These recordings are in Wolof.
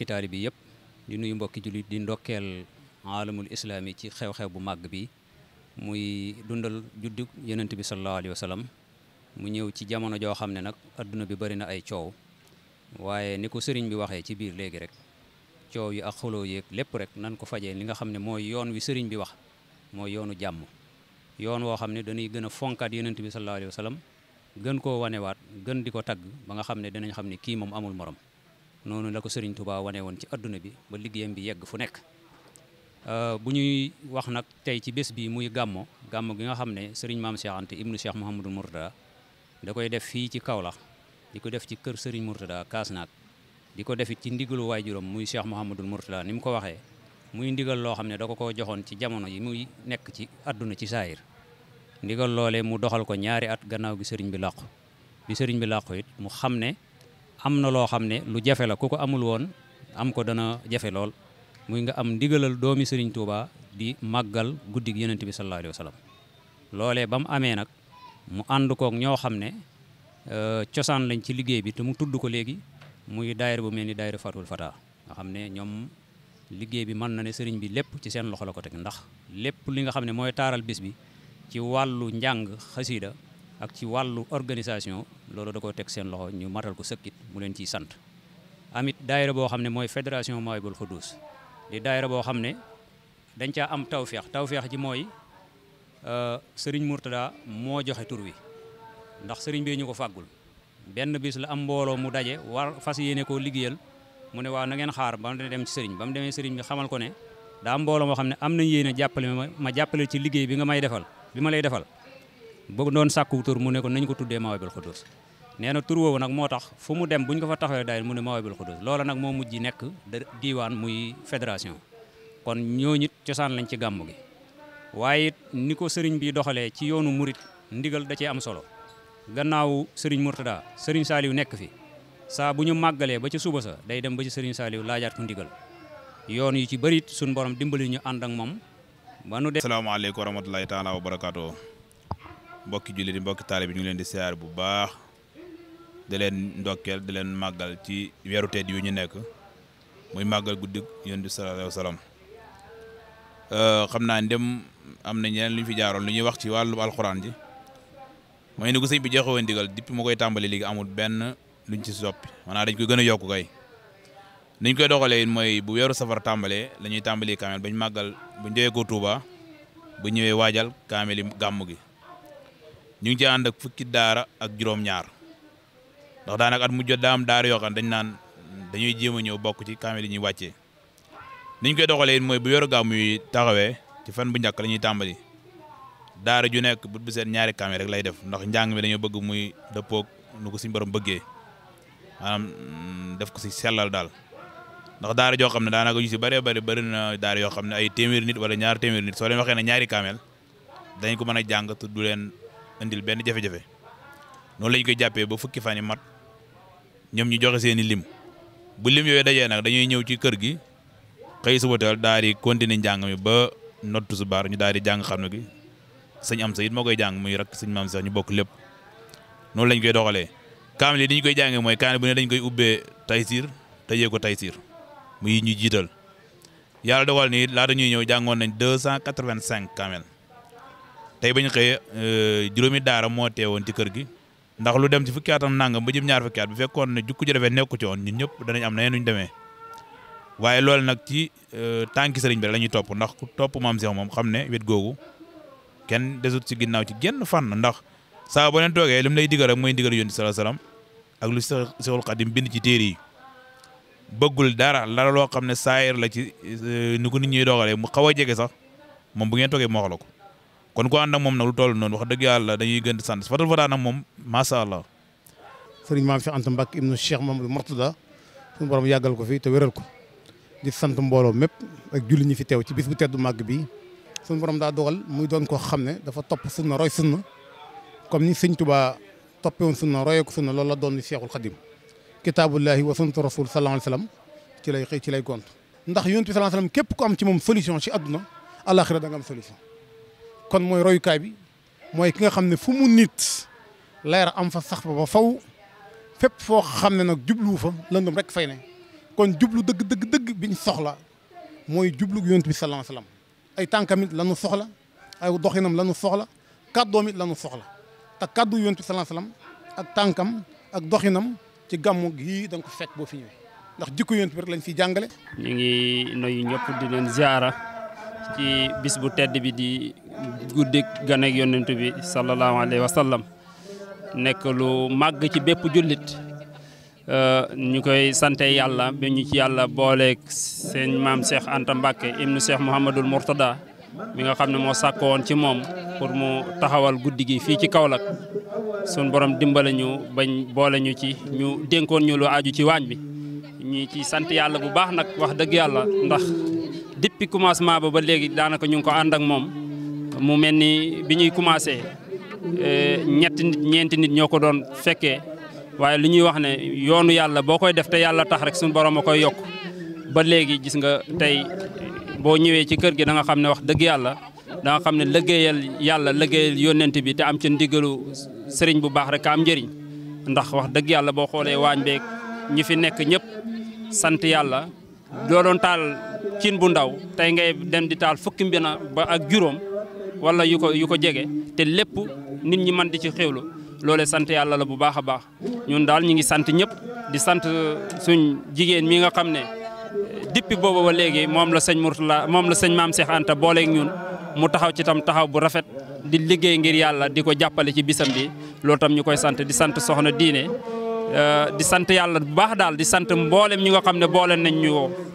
mbokki bi yi yëpp di nuyu mbokki jullit di ndokkeel aalamul islaami ci xew-xew bu màgg bi muy dundal juddu yonent bi sallallahu alayhi wa mu ñëw ci jamono joo xam ne nag àdduna bi bari na ay coow waaye ni ko sëriñ bi waxee ci biir léegi rek coow yi ak xoloo yeeg lépp rek nan ko fajee li nga xam ne mooy yoon wi sëriñ bi wax mooy yoonu jàmm yoon woo xam ne dañuy gën a fonkaat yonent bi sallallahu alayhi wa gën koo wanewaat gën di ko tagg ba nga xam ne dinañ xam ne kii moom amul morom noonu la ko Serigne Touba wane woon ci adduna bi ba liggéeyam bi yegg fu nekk euh, bu ñuy wax nag tey ci bés bi muy gàmmo gàmmo gi nga xam ne Serigne Maam Cheikh Anta ibnu Cheikh Mouhamadou Mourtada da koy def fii ci Kaolack di ko def ci kër Serigne Mourtada Kaasnaak di ko defit ci ndigalu waajuram muy Cheikh Mouhamadou Mourtada ni mu ko waxee muy ndigal loo xam ne da ko ko joxoon ci jamono yi muy nekk ci adduna ci saayir ndigal loole mu doxal ko ñaari at gannaaw gi sëriñ bi làqu bi sëriñ bi làqu mu xam ne am na loo xam ne lu jafe la ku ko amul woon am ko dana jafe lool muy nga am ndigalal doomi Serigne Touba di màggal guddi gi yonent bi sallallahu alayhi loolee ba mu amee nag mu ànd koog ñoo xam ne euh, cosaan lañ ci liggéey bi te mu tudd ko léegi muy daayira bu mel ni daayira Fatul Fata nga xam ne ñoom liggéey bi mën na ne sëriñ bi lépp ci seen loxo la ko teg ndax lépp li nga xam ne mooy taaral bis bi ci wàllu njàng xasiida ak ci wàllu organisation loolu da koo teg seen loxo ñu matal ko sëkkit mu leen ciy sant amit daayira boo xam ne mooy fédération Mawahiboul Khoudoss di daayira boo xam ne dañ caa am tawféex tawféex ci mooy euh, sëriñ Mourtada moo joxe tur wi ndax sëriñ bee ñu ko fàggul benn bis la am mbooloo mu daje war fas yéene koo liggéeyal mu ne waaw na ngeen xaar ba mu dem ci ba mu demee sëriñ bi xamal ko ne daa mbooloo moo xam ne am nañ yéene jàppale ma ma jàppale ci liggéey bi nga may defal bi ba doon sàkku tur mu ne ko nañ ko tuddee Mawahibul Xudus nee tur woowu nag moo tax fu mu dem bu buñ ko fa taxawee daayira mu ne Mawahibul Xudus loola nag moo mujj nekk da diiwaan muy fédération kon ñooñu it cosaan lañ ci gàmmu gi waaye it ni ko sëriñ bi doxalee ci yoonu murit ndigal da cee am solo gannaaw sëriñ Mourtada sëriñ Saaliw nekk fi saa bu ñu màggalee ba ca suba sa day dem ba ci sëriñ Saaliw laajaat ko ndigal yoon yu ci bëri suñ borom dimbali ñu ànd moom ba nu de asalaamaaleykum wa rahmatulahi taala mbokki jullit yi mbokki taalibe bi ñu leen di siyaar bu baax di leen ndokkeel di leen màggal ci weeru tedd yu ñu nekk muy màggal guddi yonent bi sallallaahu alayhi wa sallam euh, xam naa ndem am na ñeneen lu ñu fi jaaroon lu ñuy wax ci wàllu alxuraan ji mooy ni ko sëñ bu joxe woon digal depuis mu koy tàmbali léegi amul benn luñ ci soppi maanaam dañ koy gën a yokku kay niñ koy doxalee mooy bu weeru safar tàmbalee la ñuy tàmbali kaamel bañ màggal bu ñu jógee ko Tuuba bu ñëwee waajal kaamel gàmm gi ñu ngi ci ànd fukki daara ak juróom-ñaar ndax daanaka at mu jot daam am daara yoo xam dañ naan dañuy jéem a ñëw bokk ci kaamil yi ñuy wàccee niñ koy doxalee mooy bu yor gàmmu yi taxawee ci fan bu njëkk la ñuy tàmbali daara ju nekk bu seen ñaari kaamil rek lay def ndax njàng mi dañoo bëgg muy dëppoog nu si suñu borom bëggee maanaam mm, def ku si sellal daal ndax daara joo xam ne daanaka yu si bare bëri bëri na daara yoo xam ne ay téeméeri nit wala ñaar téeméeri nit soo leen waxee ne ñaari kaamil dañ ko mën a jàng indil benn jafe-jafe noonu lañ koy jàppee ba fukki fan yi mat ñoom ñu joxe seen i lim bu lim yooyu dajee nag dañuy ñëw ci kër gi xëy suba teel daal di continuer njàng mi ba nottu su baar ñu daal di jàng xam nu gi sëñ am sa it moo koy jàng muy rakk sëñ maam ñu bokk lépp noonu lañ koy doxalee kaamil yi ni koy jàngee mooy kaamil bu ne dañ koy te taysiir tëjee ko taysiir muy ñu jiital yàlla dogal ni laata ñuy ñëw jàngoon nañ deux cent quatre tey bañ xëyee euh, juróomi daara moo teewoon ci kër gi ndax lu dem ci fukki atam nangam ba jëm ñaar fukki at bu fekkoon ne jukk ji defee nekku ci woon ñun ñëpp danañ am na ñu deme waaye loolu nag ci euh, tànki sëriñ bi la ñuy topp ndax ku topp maam Cheikh moom xam ne wet googu kenn desut ci ginnaaw ci genn fànn ndax saa boo leen toogee li mu lay digal rek mooy digal yonent sallallahu alayhi wasallam ak lu Seexul Xadim bind ci téere yi bëggul dara la loo xam ne saayir la ci euh, ni ko nit ñuy doxalee mu xaw a jege sax moom bu toogee moo ko kon ko ànd ak moom nag lu toll noon wax dëgg yàlla dañuy gën di sant Fatal Fata nag moom macha allah. sëriñ maam Cheikh Anta Mbacke ibnu Cheikh Mamadou Mourtada suñu borom yàggal ko fi te wéral ko di sant mbooloo mépp ak julli ñi fi teew ci bis bu teddu màgg bi suñu borom daa dogal muy doon koo xam ne dafa topp sunna roy sunna comme ni sëñ Tuubaa toppee woon sunna royee ko sunna loolu la doon ni Cheikhul Khadim kitaabullahi wa sunnatu rasul sallallahu alayhi wasallam ci lay xëy ci lay ndax yonent bi képp ku ci moom solution ci àdduna àllaaxira da nga am solution kon mooy royukaay bi mooy ki nga xam ne fu mu nit leer am fa sax ba ba faw fépp foo xam ne nag jubluwu fa lëndëm rek fay ne kon jublu dëgg dëgg dëgg biñ soxla mooy jublu yonent bi sallallahu alayhi ay tànkam it lanu soxla ay doxinam lanu soxla kàddoom it lanu soxla te kàddu yonent bi sallallahu alayhi ak tànkam ak doxinam ci gàmmu gii da ko fekk boo fi ñëwee ndax jikko yonent rek lañ fiy jàngale ñu ngi nuyu ñëpp di leen ziara ci bis bu tedd bi di guddik ganek yonent bi sallallahu alayhi wa sallam nekk lu màgg ci bépp jullit euh, ñu koy sante yàlla bi ñu ci yàlla booleeg seen maam seex Anta Mbacke ibnu Cheikh Mouhamadul Mourtada bi nga xam ne moo sàkk woon ci moom pour mu taxawal guddi gi fii ci Kaolack sun borom dimbale ñu bañ boole ñu ci ñu dénkoon ñu lu aju ci waañ bi ñu ci sant yàlla bu baax nag wax dëgg yàlla ndax depuis commencement ba ba léegi daanaka ñu ngi ko ànd ak moom mu mel ni bi ñuy commencé euh, ñetti nit ñeenti nit ñoo ko doon fekkee waaye li ñuy wax ne yoonu yàlla boo koy def te yàlla tax rek suñu borom a koy yokk ba léegi gis nga tey boo ñëwee ci kër gi danga xam ne wax dëgg yàlla da xam ne liggéeyal yàlla liggéeyal yónnent bi te am ca ndiggalu sëriñ bu baax rek am njëriñ ndax wax dëgg yàlla boo xoolee waañ beeg ñi fi nekk ñëpp sant yàlla doo doon taal cin bu ndaw tey ngay dem di taal fukki mbina ba ak juróom wala yu ko yu ko jege te lépp nit ñi man di ci xéwlu loole sant yàlla la bu baax a baax ñun daal ñu ngi sant ñëpp di sant suñ jigéen mi nga xam ne depuis booba ba léegi moom la sëñ Mourtala moom la sëñ Maam Cheikh Anta booleeg ñun mu taxaw ci tam taxaw bu rafet di liggéey ngir yàlla di ko jàppale ci bisam bi loolu tam ñu koy sant di sant soxna diine di sant yàlla bu baax daal di sant mboolem ñi nga xam ne boole nañ ñu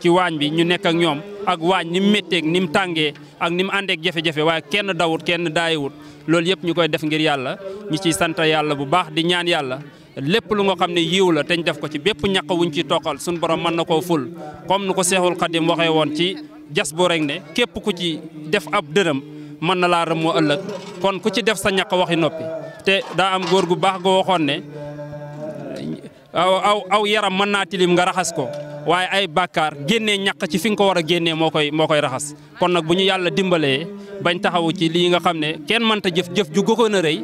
ci waañ bi ñu nekk ak ñoom ak waañ ni mu métteeg ni mu tàngee ak ni mu àndeek jafe-jafe waaye kenn dawut kenn daayiwut loolu yëpp ñu koy def ngir yàlla ñu ciy sant yàlla bu baax di ñaan yàlla lépp lu nga xam ne yiw la te ñu def ko ci bépp ñaq ci toqal suñu borom mën na koo ful comme nu ko Seexul Xadim waxee woon ci jas boo rek ne képp ku ci def ab dërëm mën na laa rëmmoo ëllëg kon ku ci def sa ñaq waxi noppi te daa am góor gu baax goo waxoon ne aw aw yaram mën naa tilim nga raxas ko waaye ay bàkkaar génnee ñàq ci fi nga ko war a génnee moo koy moo koy raxas kon nag bu ñu yàlla dimbalee bañ taxawu ci lii nga xam ne kenn mënta jëf jëf ju gëkoon a rëy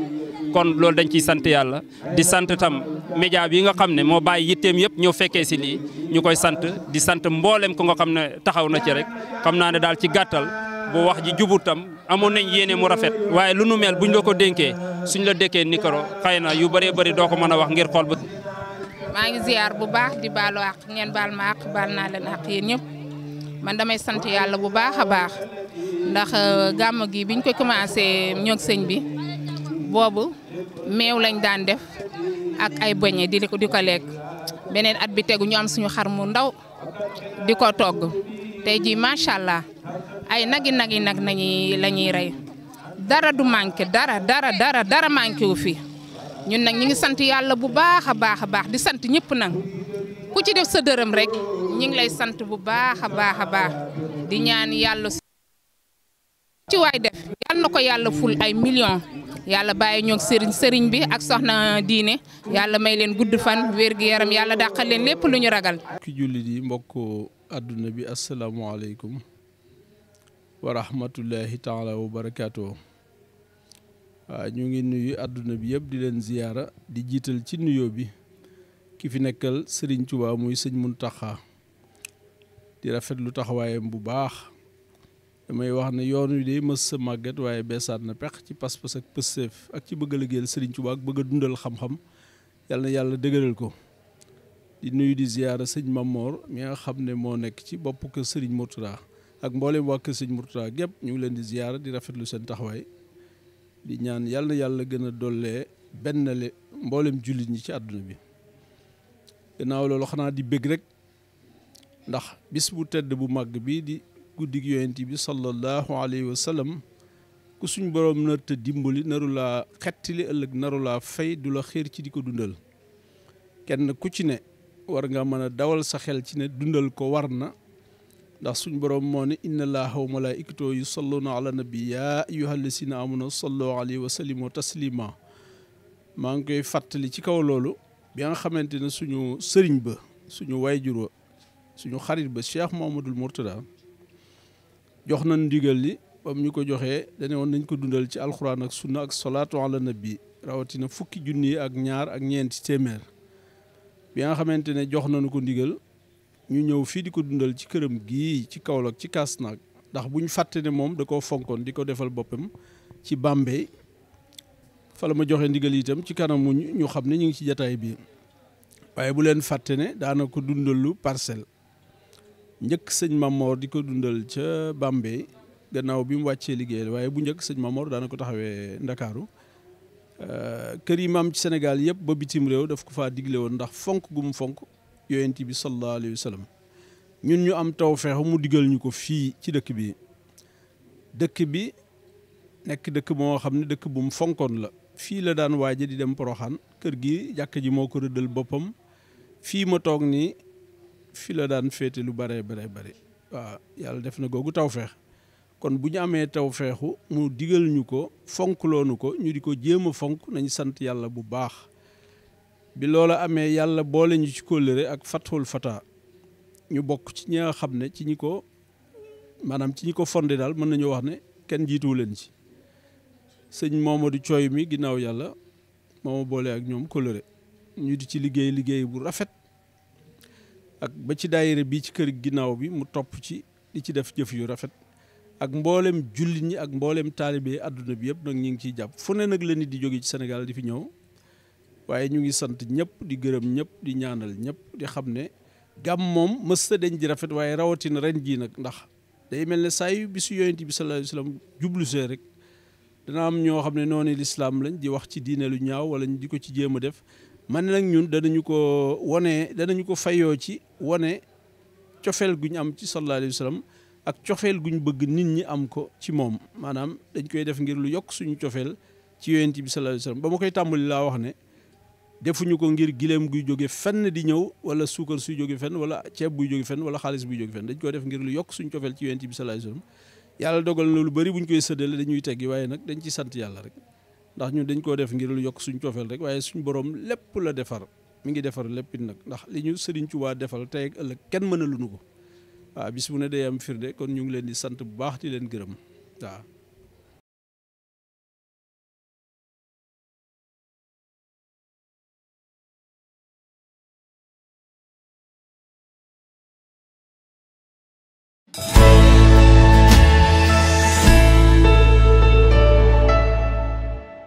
kon loolu dañ ciy sant yàlla di sant tam média bi nga xam ne moo bàyyi yitteem yëpp ñëw fekkee si lii ñu koy sant di sant mboolem ko nga xam ne taxaw na ci rek xam naa ne daal ci gàttal bu wax ji jubut tam amoon nañ yéene mu rafet waaye lu nu bu ñu la ko dénkee suñ la dékkee micro xëy na yu bëree bëri doo ko mën a wax ngir xool ba maa ngi ziar bu baax di baalo àq ngeen baal ma àq baal naa leen àq yéen ñëpp man damay sant yàlla bu baax a baax ndax euh, gàmm gi biñ ko commencé ñoog sëñ bi boobu meew lañ daan def ak ay bëñe di ko di ko lekk beneen at bi tegu ñu suñu xar mu ndaw di ko togg tey jii macha allah ay nag nagi nag nañuy la ñuy rey dara du manqué dara dara dara dara manqué wu fi. ñun nag ñu ngi sant yàlla bu baax a baax a baax di sant ñëpp nag ku ci def sa dërëm rek ñu ngi lay sant bu baax a baax a baax di ñaan yàlla ci waay def yàlla na ko yàlla ful ay million yàlla bàyyi ñoog sëriñ sëriñ bi ak soxna diine yàlla may leen gudd fan wér gu yaram yàlla dàqal leen lépp lu ñu ragal ki jullit yi mbokk àdduna bi asalaamaaleykum wa rahmatullahi taala wa barakaatu waaw ñu ngi nuyu àdduna bi yëpp di leen ziyaara di jiital ci nuyo bi ki fi nekkal sëriñ Tuubaa muy sëñ Muntaxa di rafetlu taxawaayam bu baax damay wax ne yoon wi day mës sa màgget waaye beesaat na pex ci pas-pas ak pësteef ci bëgg a liggéeyal sëriñ Tuubaa ak bëgg a dundal xam-xam yàlla na yàlla dëgëral ko di nuyu di ziyaara sëñ Mamor mi nga xam ne moo nekk ci bopp kër sëriñ Murtada ak mboolem waa sëñ Murtada gépp ñu ngi leen di ziyaara di rafetlu seen taxawaay di ñaan yàlla yàlla gën a dollee benn le mboolem jullit ñi ci àdduna bi gannaaw loolu xanaa di bëgg rek ndax bis bu tedd bu màgg bi di guddig yonent bi sallallahu alayhi wa ku suñ boroom nar te dimbali naru laa xettili ëllëg naru laa fay du la xéer ci di ko dundal kenn ku ci ne war nga mën a dawal sa xel ci ne dundal ko war na ndax suñ borom moo ne inna allaha wa malaikatahu yusalluna ala nabi ya ayyuhallasina amanu sallu alayhi wa sallimu taslima maa ngi koy fàttali ci kaw loolu bi nga xamante ne suñu sëriñ ba suñu wayjur wa suñu xarit ba cheikh Mouhamadoul Mourtada jox nañ ndigal li bam ñu ko joxee dañe woon nañ ko dundal ci alxuraan ak sunna ak salaatu ala nabi rawatina fukki junni ak ñaar ak ñeenti téeméer bi nga xamante ne jox nañu ko ndigal ñu ñëw fii di ko dundal ci këram gii ci Kaolack ci Kasnack ndax bu ñu fàtte ne moom da koo fonkoon di ko defal boppam ci Bambey fala ma joxe ndigal itam ci kanamu ñu xam ne ñu ngi ci jataay bi waaye bu leen fàtte ne daana ko dundalu parcelle njëkk sëñ mamoor di ko dundal ca Bambey gannaaw bi mu wàccee liggéeyal waaye bu njëkk sëñ mamoor daana ko taxawee Ndakaaru kër yi maam ci Sénégal yëpp ba bitim réew daf ko fa digle woon ndax fonk gu mu fonk yonent bi sallallahu alayhi ñun ñu am tawfeex mu digal ñu ko fii ci dëkk bi dëkk bi nekk dëkk moo xam ne dëkk bu fonkoon la fii la daan waaja di dem poroxaan kër gi jàkk ji moo ko rëddal boppam fii ma toog nii fii la daan féete lu bare bare bare waaw yàlla def na googu tawfeex kon bu ñu amee tawfeexu mu digal ñu ko fonk loonu ko ñu di ko jéem a fonk nañu sant yàlla bu baax bi loola amee yàlla boole ñu ci kóllëre ak fathul fata ñu bokk ci ñi nga xam ne ci ñi ko maanaam ci ñi ko fonde daal mën nañu wax ne kenn jiituwu leen ci sëñ Momadou Thioy mi ginnaaw yàlla mooma boolee ak ñoom kóllëre ñu di ci liggéey liggéey bu rafet ak ba ci daayira bii ci kër ginnaaw bi mu topp ci di ci def jëf yu rafet ak mboolem jullit ñi ak mboolem taalibe àdduna bi yëpp nag ñu ngi ciy jàpp fu ne nag la nit di jóge ci Sénégal di fi ñëw waaye ñu ngi sant ñëpp di gërëm ñëpp di ñaanal ñëpp di xam ne gàmm moom mësta dañ ji rafet waaye rawatina ren jii nag ndax day mel ne saa yu bisu yonent bi sallallahu alayhi wasallam jublu see rek dana am ñoo xam ne noonu lislaam lañ di wax ci diine lu ñaaw wala di ko ci jéem a def man nag ñun danañu ko wone danañu ko fayoo ci wone cofeel guñ am ci sallallahu alayhi ak cofeel guñ bëgg nit ñi am ko ci moom maanaam dañ koy def ngir lu yokk suñu cofeel ci yonent bi sallallahu alayhi wasallam ba ma koy tàmbali laa wax ne defuñu ko ngir gileem guy jóge fenn di ñëw wala suukar suy jóge fenn wala ceeb buy jóge fenn wala xaalis buy jóge fenn dañ ko def ngir lu yokk suñ cofeel ci yonent bi sa alayhi wasallam yàlla dogal na lu bëri buñ koy sëddale dañuy teggi waaye dañ ci sant yàlla rek ndax ñun dañ koo def ngir lu yokk suñ cofeel rek waaye suñ borom lépp la defar mi ngi defar lépp it nag ndax li ñu Sëriñ Tuubaa defal tey ak ëllëg kenn mën a lu nu ko waaw bis bu ne day am firnde kon ñu ngi leen di sant bu baax di leen gërëm waaw